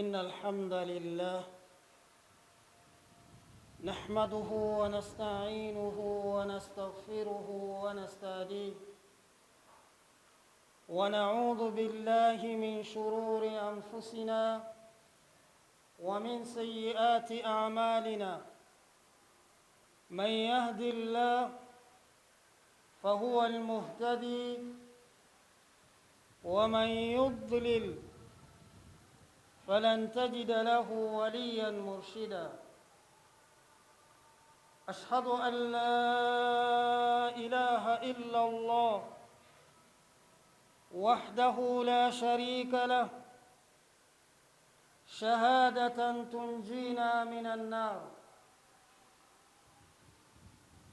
إن الحمد لله نحمده ونستعينه ونستغفره ونستهديه ونعوذ بالله من شرور أنفسنا ومن سيئات أعمالنا من يهد الله فهو المهتدي ومن يضلل فلن تجد له وليا مرشدا أشهد أن لا إله إلا الله وحده لا شريك له شهادة تنجينا من النار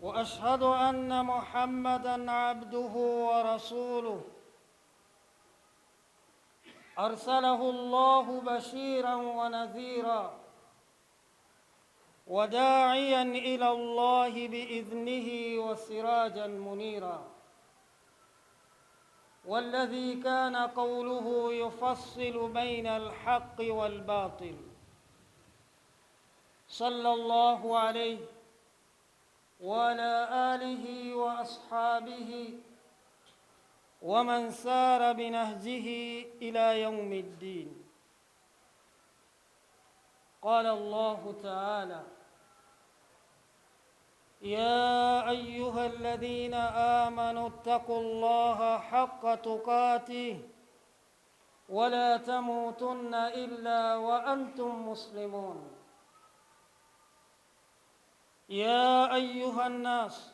وأشهد أن محمدا عبده ورسوله أرسله الله بشيرا ونذيرا وداعيا إلى الله بإذنه وسراجا منيرا والذي كان قوله يفصل بين الحق والباطل صلى الله عليه وعلى آله وأصحابه ومن سار بنهجه إلى يوم الدين قال الله تعالى يا أيها الذين آمنوا اتقوا الله حق تقاته ولا تموتن إلا وأنتم مسلمون يا أيها الناس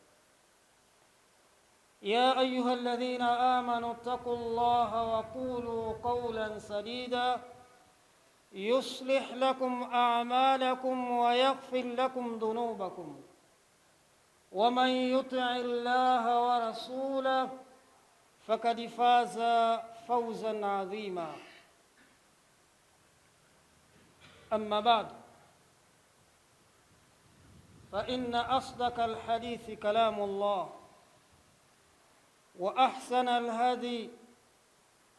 يا أيها الذين آمنوا اتقوا الله وقولوا قولا سديدا يصلح لكم أعمالكم ويغفر لكم ذنوبكم ومن يطع الله ورسوله فقد فاز فوزا عظيما أما بعد فإن أصدق الحديث كلام الله وأحسن الهدي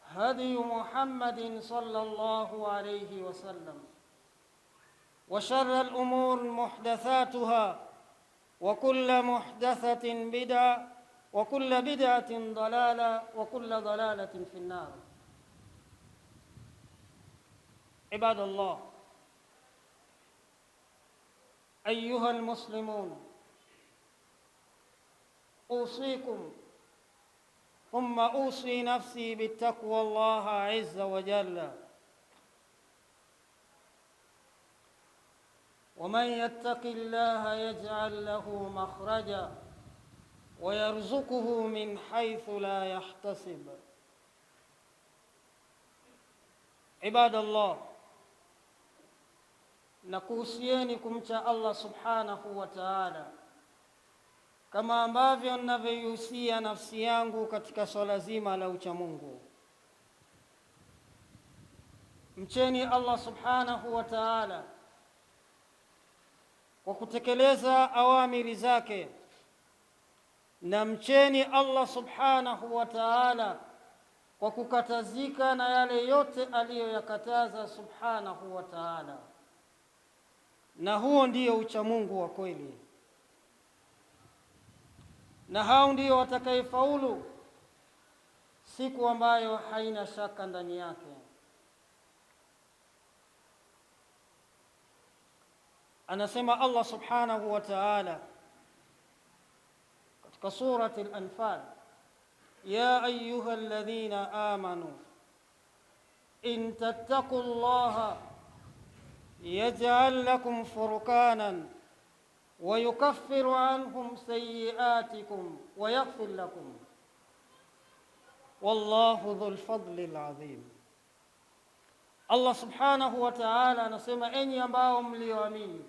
هدي محمد صلى الله عليه وسلم وشر الأمور محدثاتها وكل محدثة بدعة وكل بدعة ضلالة وكل ضلالة في النار عباد الله أيها المسلمون أوصيكم ثم أوصي نفسي بالتقوى الله عز وجل ومن يتق الله يجعل له مخرجا ويرزقه من حيث لا يحتسب عباد الله نكوسيني كمتا الله سبحانه وتعالى kama ambavyo ninavyoihusia nafsi yangu katika swala zima la uchamungu. Mcheni Allah subhanahu wa ta'ala kwa kutekeleza awamiri zake, na mcheni Allah subhanahu wa ta'ala kwa kukatazika na yale yote aliyoyakataza subhanahu wa ta'ala, na huo ndiyo uchamungu wa kweli. na hao ndio watakayefaulu siku ambayo haina shaka ndani yake. Anasema Allah subhanahu wa ta'ala katika surati al-Anfal, ya ayuha alladhina amanu in tattaqullaha yaj'al lakum furqanan wayukaffiru anhum sayyi'atikum wa yaghfir lakum wallahu dhul fadli alazim. Allah subhanahu wa ta'ala anasema, enyi ambao mlioamini,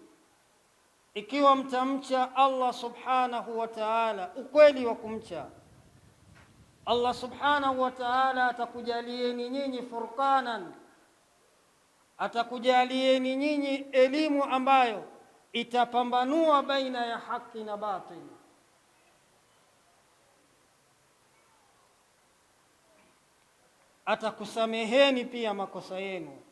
ikiwa mtamcha Allah subhanahu wa ta'ala ukweli wa kumcha Allah subhanahu wa ta'ala atakujalieni nyinyi furqanan, atakujalieni nyinyi elimu ambayo itapambanua baina ya haki na batil. Atakusameheni pia makosa yenu,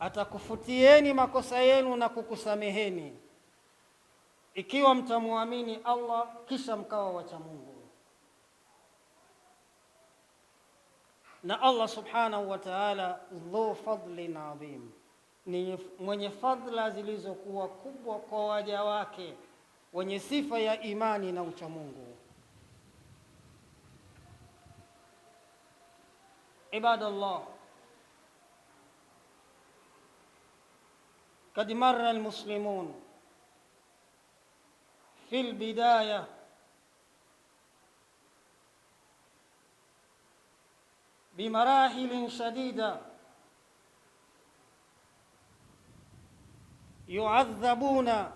atakufutieni makosa yenu na kukusameheni, ikiwa mtamwamini Allah kisha mkawa wacha Mungu. Na Allah subhanahu wa ta'ala, dhu fadlin adhim ni mwenye fadhila zilizokuwa kubwa kwa waja wake wenye sifa ya imani na uchamungu. Ibadallah, kad marra almuslimun fi lbidaya bimarahilin shadida yuadhabuna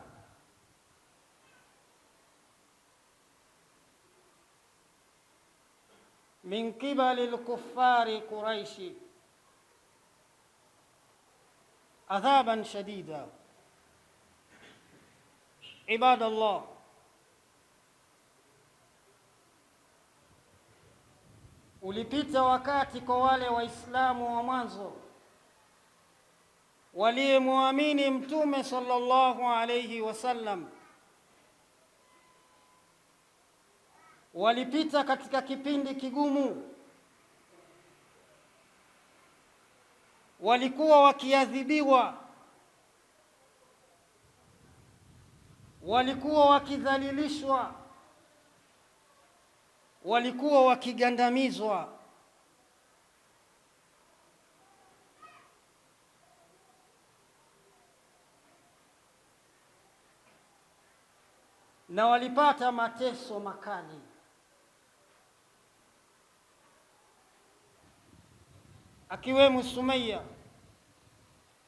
min qibali lkuffari Quraishi adhaban shadida. Ibadallah, ulipita wakati kwa wale Waislamu wa mwanzo waliyemwamini Mtume sallallahu alayhi wasallam walipita katika kipindi kigumu, walikuwa wakiadhibiwa, walikuwa wakidhalilishwa, walikuwa wakigandamizwa na walipata mateso makali. Akiwemo Sumaya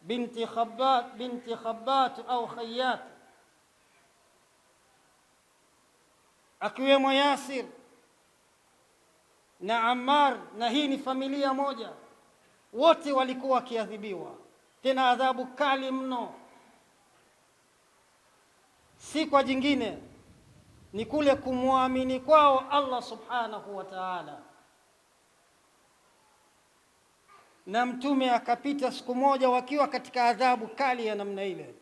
binti Khabbat, binti Khabbat au Khayyat, akiwemo Yasir na Ammar, na hii ni familia moja. Wote walikuwa wakiadhibiwa, tena adhabu kali mno, si kwa jingine ni kule kumwamini kwao Allah subhanahu wa ta'ala. Na mtume akapita siku moja wakiwa katika adhabu kali ya namna ile,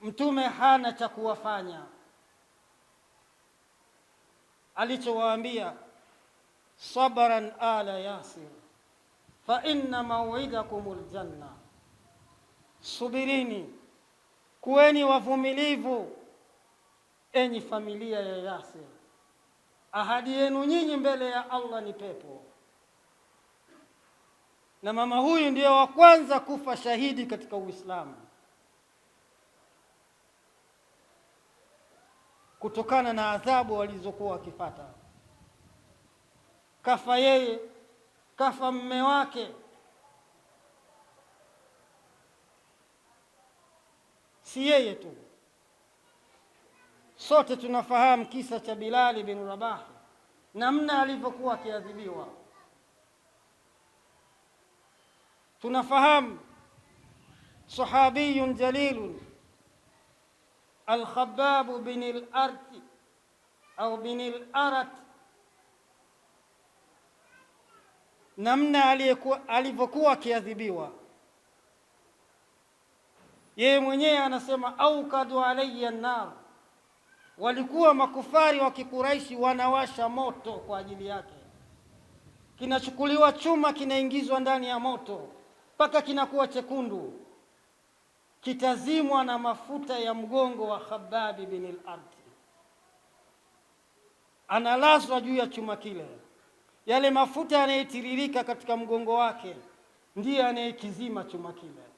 mtume hana cha kuwafanya. Alichowaambia, sabran ala yasir fa inna mawidakum aljanna, subirini, kuweni wavumilivu enyi familia ya Yasir, ahadi yenu nyinyi mbele ya Allah ni pepo. Na mama huyu ndiyo wa kwanza kufa shahidi katika Uislamu kutokana na adhabu walizokuwa wakipata. Kafa yeye, kafa mme wake, si yeye tu Sote tunafahamu kisa cha Bilali bin Rabah, namna alivyokuwa akiadhibiwa. Tunafahamu sahabiyun jalilun Alkhababu bin al-Arti au bin al namna alivyokuwa akiadhibiwa yeye mwenyewe anasema, aukadu alayya an-nar walikuwa makufari wa Kikuraishi wanawasha moto kwa ajili yake. Kinachukuliwa chuma kinaingizwa ndani ya moto mpaka kinakuwa chekundu, kitazimwa na mafuta ya mgongo wa Khababi bin al Analazwa juu ya chuma kile, yale mafuta yanayetiririka katika mgongo wake ndiye anayekizima chuma kile.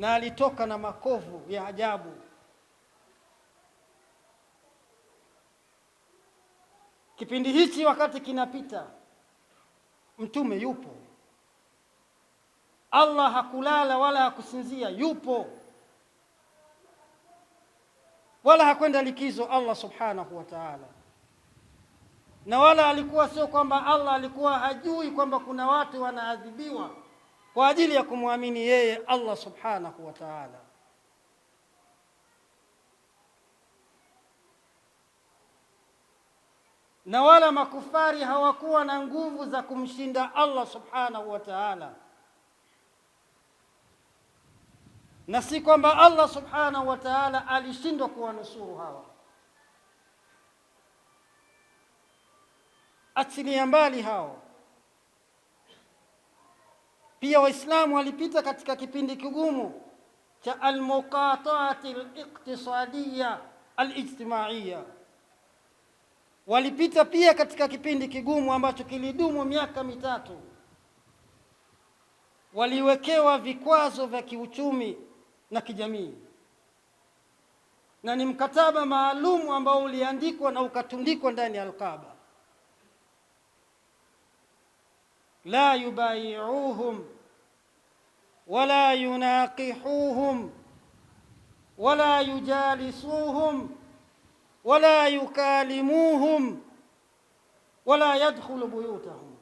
na alitoka na makovu ya ajabu. Kipindi hichi wakati kinapita, mtume yupo, Allah hakulala wala hakusinzia, yupo wala hakwenda likizo Allah subhanahu wa ta'ala, na wala alikuwa sio kwamba Allah alikuwa hajui kwamba kuna watu wanaadhibiwa kwa ajili ya kumwamini yeye Allah subhanahu wa ta'ala. Na wala makufari hawakuwa na nguvu za kumshinda Allah subhanahu wa ta'ala, na si kwamba Allah subhanahu wa ta'ala alishindwa kuwanusuru hawa. Achilia mbali hao pia Waislamu walipita katika kipindi kigumu cha almuqataati aliqtisadiya alijtimaiya, walipita pia katika kipindi kigumu ambacho kilidumu miaka mitatu. Waliwekewa vikwazo vya kiuchumi na kijamii, na ni mkataba maalumu ambao uliandikwa na ukatundikwa ndani ya Alkaaba la yubayiuhum wala yunaqihuhum wala yujalisuhum wala yukalimuhum wala yadkhulu buyutahum,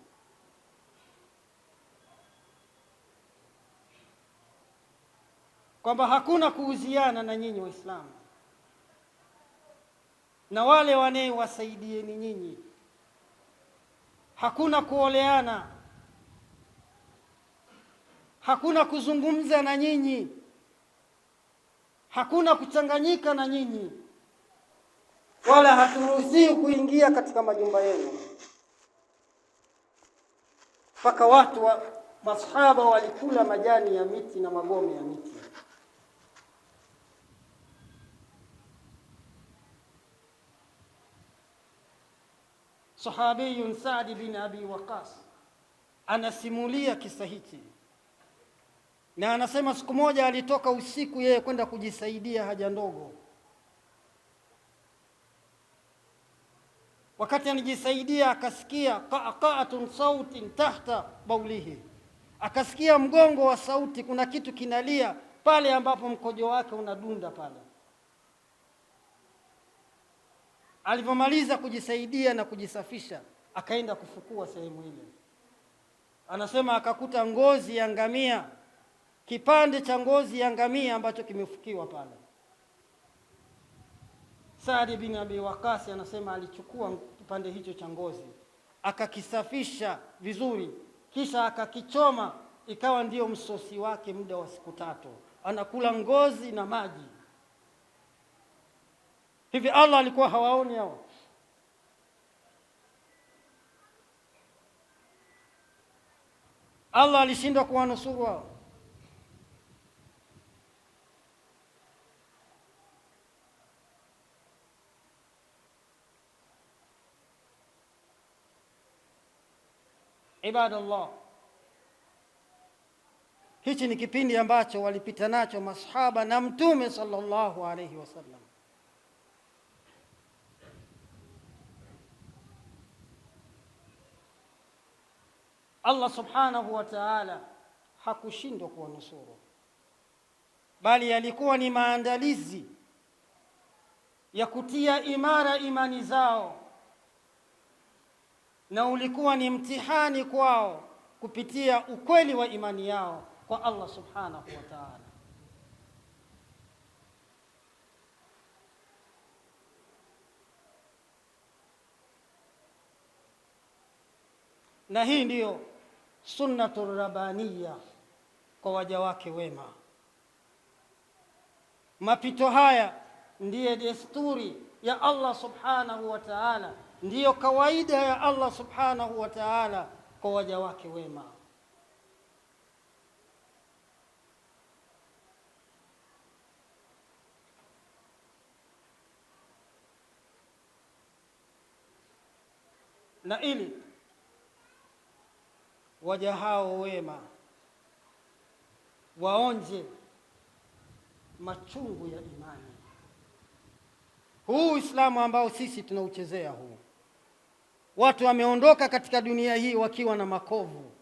kwamba hakuna kuuziana na nyinyi Waislamu na wale wanayewasaidieni nyinyi, hakuna kuoleana hakuna kuzungumza na nyinyi, hakuna kuchanganyika na nyinyi, wala haturuhusiwi kuingia katika majumba yenu. Mpaka watu wa masahaba walikula majani ya miti na magome ya miti. Sahabiyun Saadi bin Abi Waqas anasimulia kisa hiki na anasema siku moja alitoka usiku yeye kwenda kujisaidia haja ndogo. Wakati anijisaidia akasikia qaqatun sautin tahta baulihi, akasikia mgongo wa sauti, kuna kitu kinalia pale ambapo mkojo wake unadunda pale. Alivyomaliza kujisaidia na kujisafisha, akaenda kufukua sehemu ile, anasema akakuta ngozi ya ngamia kipande cha ngozi ya ngamia ambacho kimefukiwa pale. Saadi bin Abi Waqas anasema alichukua kipande hicho cha ngozi akakisafisha vizuri, kisha akakichoma, ikawa ndiyo msosi wake muda wa siku tatu, anakula ngozi na maji. Hivi Allah alikuwa hawaoni hao? Allah alishindwa kuwanusuru hao? Ibadallah, hichi ni kipindi ambacho walipita nacho masahaba na Mtume sallallahu alayhi wasallam. Allah subhanahu wa ta'ala hakushindwa kuwanusuru, bali yalikuwa ni maandalizi ya kutia imara imani zao na ulikuwa ni mtihani kwao kupitia ukweli wa imani yao kwa Allah subhanahu wa ta'ala. Na hii ndiyo sunnatu rabaniya kwa waja wake wema. Mapito haya ndiye desturi ya Allah subhanahu wa ta'ala ndiyo kawaida ya Allah subhanahu wa ta'ala kwa waja wake wema. Na ili waja hao wema waonje machungu ya imani, huu Uislamu ambao sisi tunauchezea huu Watu wameondoka katika dunia hii wakiwa na makovu.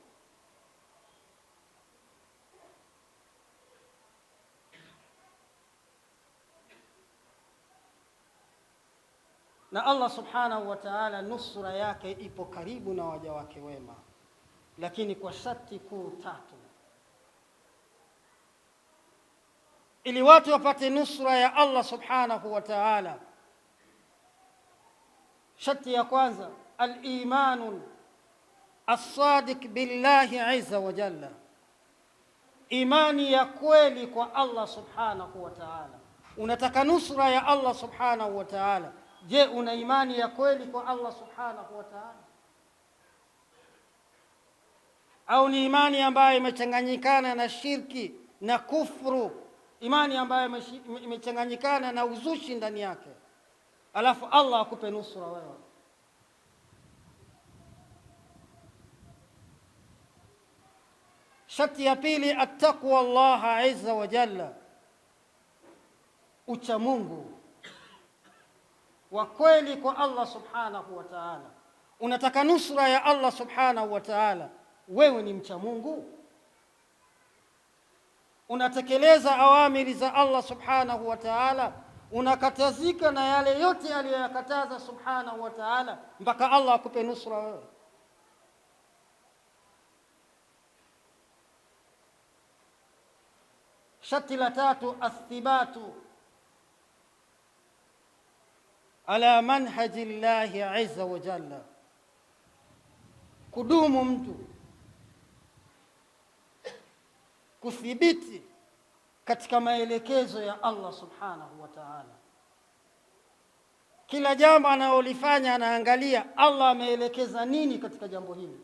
Na Allah subhanahu wa ta'ala, nusra yake ipo karibu na waja wake wema, lakini kwa sharti kuu tatu. Ili watu wapate nusra ya Allah subhanahu wa ta'ala, sharti ya kwanza aliman alsadiq billahi azza wa jalla, imani ya kweli kwa Allah subhanahu wa Unataka nusra ya Allah subhanahu wa ta'ala. Je, una imani ya kweli kwa Allah subhanahu wa ta'ala, au ni imani ambayo imechanganyikana na shirki na kufru, imani ambayo imechanganyikana na uzushi ndani yake, alafu Allah akupe nusra wewe Sharti ya pili, attaqwa Allah azza wa jalla, ucha Mungu wa kweli kwa Allah subhanahu wa ta'ala. Unataka nusra ya Allah subhanahu wa ta'ala, wewe ni mcha Mungu, unatekeleza awamiri za Allah subhanahu wa ta'ala, unakatazika na yale yote aliyoyakataza subhanahu wa ta'ala, mpaka Allah akupe nusra wewe Sharti la tatu, athibatu ala manhaji llahi azza wa jalla, kudumu mtu kuthibiti katika maelekezo ya Allah subhanahu wa ta'ala. Kila jambo analolifanya anaangalia Allah ameelekeza nini katika jambo hili.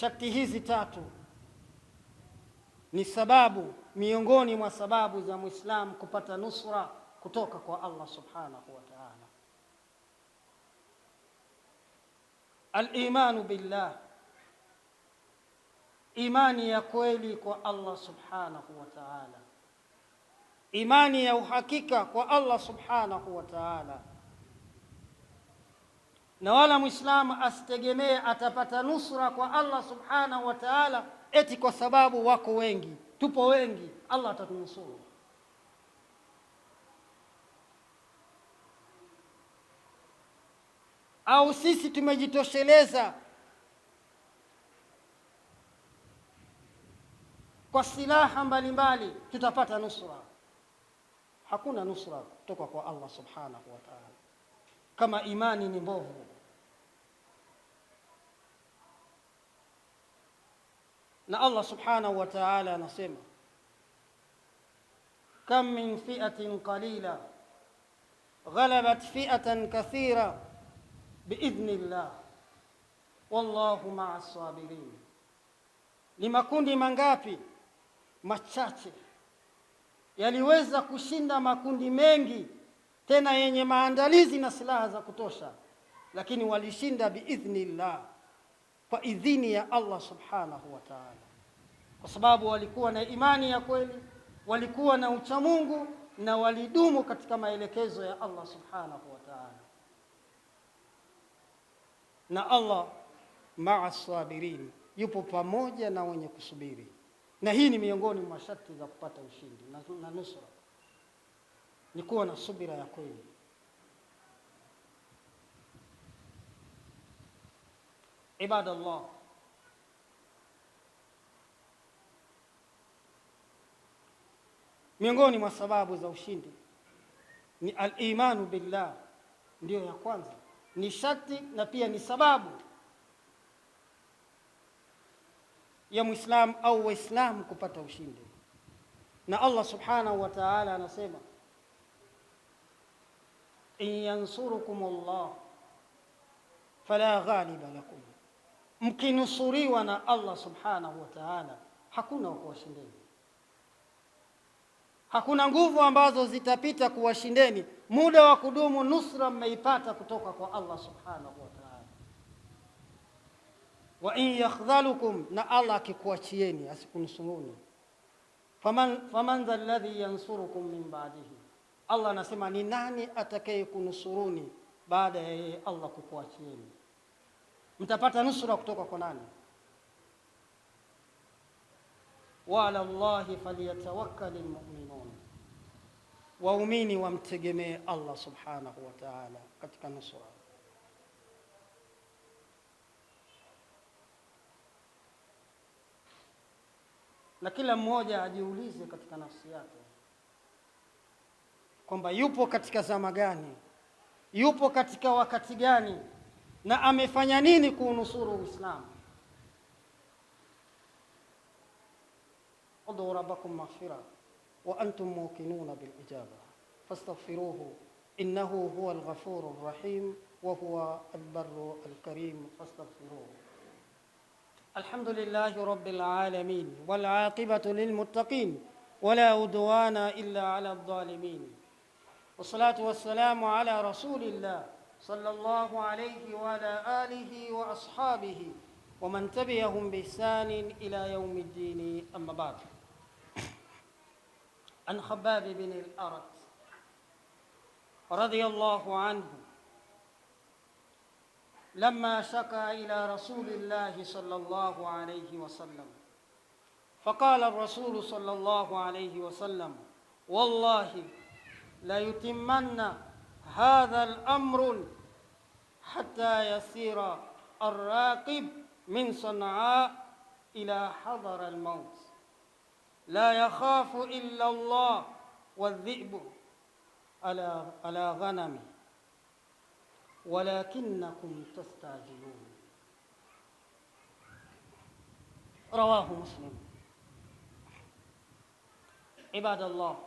Sharti hizi tatu ni sababu miongoni mwa sababu za Muislamu kupata nusra kutoka kwa Allah subhanahu wa ta'ala. Al-imanu billah, imani ya kweli kwa Allah subhanahu wa ta'ala, imani ya uhakika kwa Allah subhanahu wa ta'ala na wala mwislamu asitegemee atapata nusra kwa Allah subhanahu wa ta'ala, eti kwa sababu wako wengi, tupo wengi, Allah atatunusuru. Au sisi tumejitosheleza kwa silaha mbalimbali, tutapata nusra? Hakuna nusra kutoka kwa Allah subhanahu wa ta'ala kama imani ni mbovu. Na Allah subhanahu wa ta'ala anasema kam min fi'atin qalila ghalabat fi'atan kathira biidhnillah wallahu ma'a sabirin. Ni makundi mangapi machache yaliweza kushinda makundi mengi tena yenye maandalizi na silaha za kutosha, lakini walishinda biidhnillah, kwa idhini ya Allah subhanahu wa ta'ala, kwa sababu walikuwa na imani ya kweli, walikuwa na uchamungu na walidumu katika maelekezo ya Allah subhanahu wa ta'ala. Na Allah maa sabirin, yupo pamoja na wenye kusubiri, na hii ni miongoni mwa sharti za kupata ushindi na nusra ni kuwa na subira ya kweli. Ibadallah, miongoni mwa sababu za ushindi ni al billah, ndiyo ya kwanza, ni sharti na pia ni sababu ya mwislamu au Waislamu kupata ushindi, na Allah subhanahu wa ta'ala anasema in yansurukum Allah fala ghaliba lakum, mkinusuriwa na Allah subhanahu wa ta'ala, hakuna wakuwashindeni, hakuna nguvu ambazo zitapita kuwashindeni. Muda wa kudumu nusra mmeipata kutoka kwa Allah subhanahu wa ta'ala. Wa in yakhdhalukum, na Allah akikuachieni, asikunusuruni, faman faman dha alladhi yansurukum min ba'dihi Allah anasema ni nani atakaye kunusuruni baada ya yeye Allah kukuachieni? Mtapata nusura kutoka kwa nani? wa ala llahi falyatawakkali lmuminun, waumini wamtegemee Allah subhanahu wa taala katika nusura. Na kila mmoja ajiulize katika nafsi yake kwamba yupo katika zama gani, yupo katika wakati gani, na amefanya nini kuunusuru Uislamu. ud'u rabbakum maghfira wa antum muqinuna bil ijaba fastaghfiruhu innahu huwal ghafurur rahim wa huwa albarru alkarim fastaghfiruhu. الحمد لله رب العالمين والعاقبة للمتقين ولا عدوان إلا على الظالمين والصلاة والسلام على رسول الله صلى الله عليه وعلى آله وأصحابه ومن تبعهم بإحسان إلى يوم الدين أما بعد عن خباب بن الأرت رضي الله عنه لما شكا إلى رسول الله صلى الله عليه وسلم فقال الرسول صلى الله عليه وسلم والله ليتمن هذا الأمر حتى يسير الراقب من صنعاء إلى حضر الموت لا يخاف إلا الله والذئب على على غنمه ولكنكم تستعجلون رواه مسلم عباد الله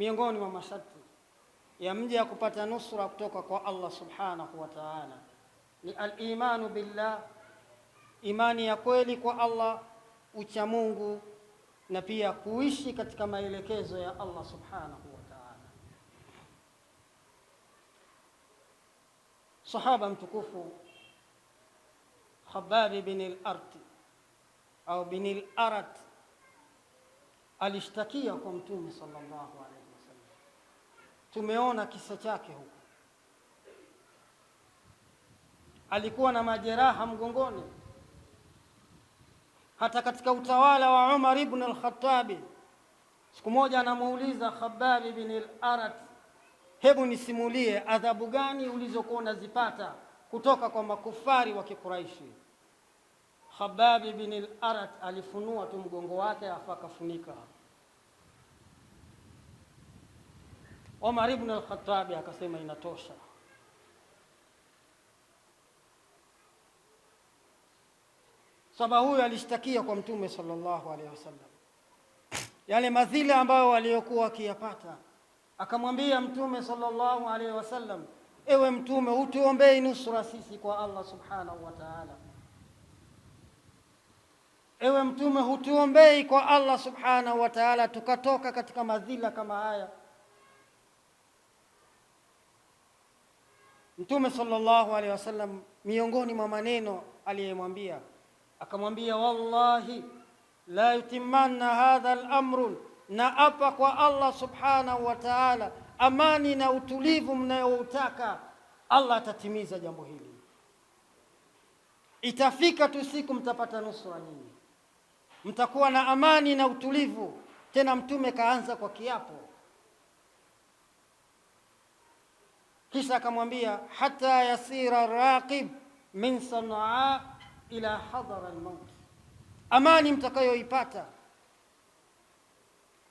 miongoni mwa masharti ya mja ya kupata nusra kutoka kwa Allah subhanahu wa ta'ala ni al-imanu billah, imani ya kweli kwa Allah, ucha Mungu na pia kuishi katika maelekezo ya Allah subhanahu wa ta'ala. Sahaba mtukufu Khabbab bin al art au bin al-Arat alishtakia kwa Mtume sallallahu Tumeona kisa chake huko, alikuwa na majeraha mgongoni. Hata katika utawala wa Umar ibn al-Khattabi, siku moja anamuuliza Khabbab ibn al-Arat, hebu nisimulie adhabu gani ulizokuwa unazipata kutoka kwa makufari wa Kikuraishi. Khabbab ibn al-Arat alifunua tu mgongo wake afa akafunika Omar ibn al khattab akasema inatosha. Saba huyo alishtakia kwa Mtume sallallahu alaihi wasallam yale madhila ambayo waliokuwa wakiyapata, akamwambia Mtume sallallahu alaihi wasallam, ewe Mtume, utuombei nusra sisi kwa Allah subhanahu wa ta'ala. Ewe Mtume, hutuombei kwa Allah subhanahu wa ta'ala tukatoka katika madhila kama haya Mtume sallallahu alaihi wasallam, miongoni mwa maneno aliyemwambia akamwambia, wallahi la yutimanna hadha al-amru, na apa kwa Allah subhanahu wa ta'ala, amani na utulivu mnayoutaka Allah atatimiza jambo hili. Itafika tu siku mtapata nusra nini mtakuwa na amani na utulivu. Tena mtume kaanza kwa kiapo Kisha akamwambia hata yasira raqib min Sanaa ila hadhara almaut, amani mtakayoipata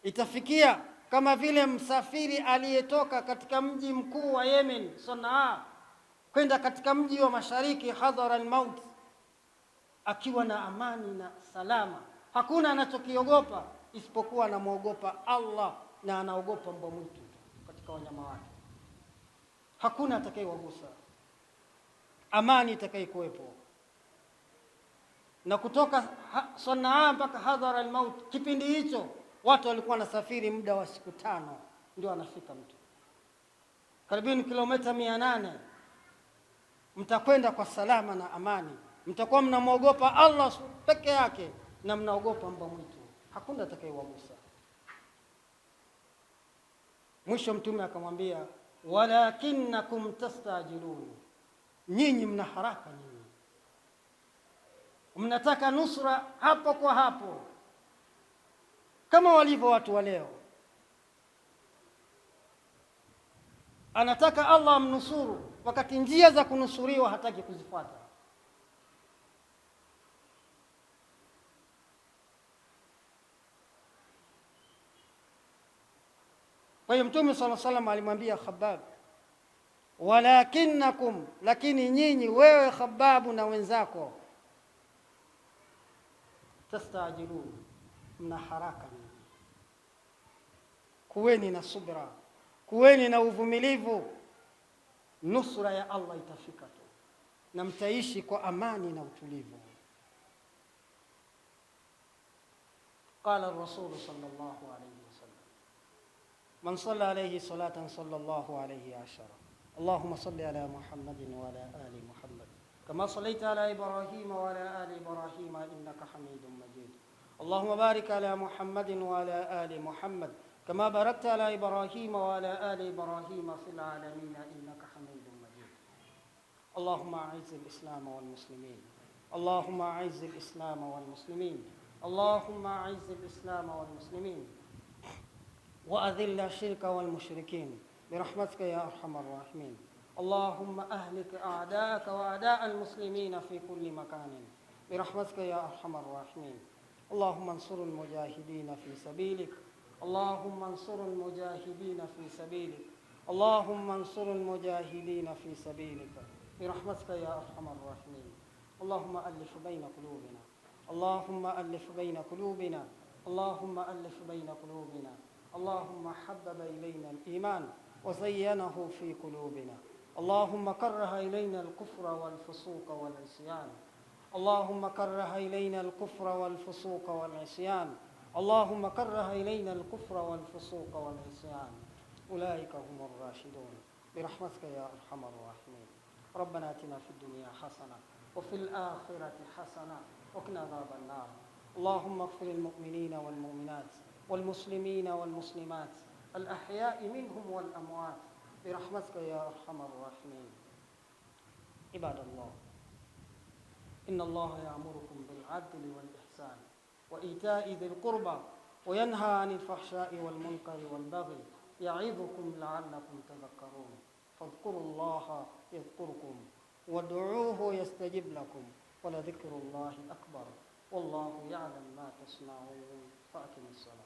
itafikia kama vile msafiri aliyetoka katika mji mkuu wa Yemen Sanaa kwenda katika mji wa mashariki hadhara almaut, akiwa na amani na salama, hakuna anachokiogopa isipokuwa anamwogopa Allah na anaogopa mbwa mwitu katika wanyama wake hakuna atakayewagusa, amani itakayekuwepo. Na kutoka Sanaa mpaka hadhara almaut, kipindi hicho watu walikuwa wanasafiri muda wa siku tano ndio anafika mtu, karibuni kilomita mia nane. Mtakwenda kwa salama na amani, mtakuwa mnamwogopa Allah peke yake na mnaogopa mbwa mwitu, hakuna atakayewagusa. Mwisho mtume akamwambia walakinnakum tastajilun, nyinyi mna haraka, nyinyi mnataka nusra hapo kwa hapo, kama walivyo watu wa leo. Anataka Allah amnusuru, wakati njia za kunusuriwa hataki kuzifuata. Kwa hiyo Mtume sala salam alimwambia Khabbab, walakinakum, lakini nyinyi wewe Khababu na wenzako, tastajilun, mna haraka nyinyi. Kuweni na subra, kuweni na uvumilivu, nusra ya Allah itafika tu, na mtaishi kwa amani na utulivu. Qala Rasulu sallallahu alayhi من صلى عليه صلاة صلى الله عليه عشرة اللهم صل على محمد وعلى آل محمد كما صليت على إبراهيم وعلى آل إبراهيم إنك حميد مجيد اللهم بارك على محمد وعلى آل محمد كما باركت على إبراهيم وعلى آل إبراهيم في العالمين إنك حميد مجيد اللهم أعز الإسلام والمسلمين اللهم أعز الإسلام والمسلمين اللهم أعز الإسلام والمسلمين وأذل الشرك والمشركين برحمتك يا أرحم الراحمين اللهم أهلك أعداءك وأعداء المسلمين في كل مكان برحمتك يا أرحم الراحمين اللهم انصر المجاهدين في سبيلك اللهم انصر المجاهدين في سبيلك اللهم انصر المجاهدين في سبيلك برحمتك يا أرحم الراحمين اللهم ألف بين قلوبنا اللهم ألف بين قلوبنا اللهم ألف بين قلوبنا اللهم حبب إلينا الإيمان وزينه في قلوبنا اللهم كره إلينا الكفر والفسوق والعصيان اللهم كره إلينا الكفر والفسوق والعصيان اللهم كره إلينا الكفر والفسوق والعصيان أولئك هم الراشدون برحمتك يا أرحم الراحمين ربنا اتنا في الدنيا حسنة وفي الآخرة حسنة وقنا عذاب النار اللهم اغفر المؤمنين والمؤمنات والمسلمين والمسلمات الأحياء منهم والأموات برحمتك يا أرحم الراحمين عباد الله إن الله يأمركم بالعدل والإحسان وإيتاء ذي القربى وينهى عن الفحشاء والمنكر والبغي يعظكم لعلكم تذكرون فاذكروا الله يذكركم وادعوه يستجب لكم ولذكر الله أكبر والله يعلم ما تصنعون فأقم الصلاة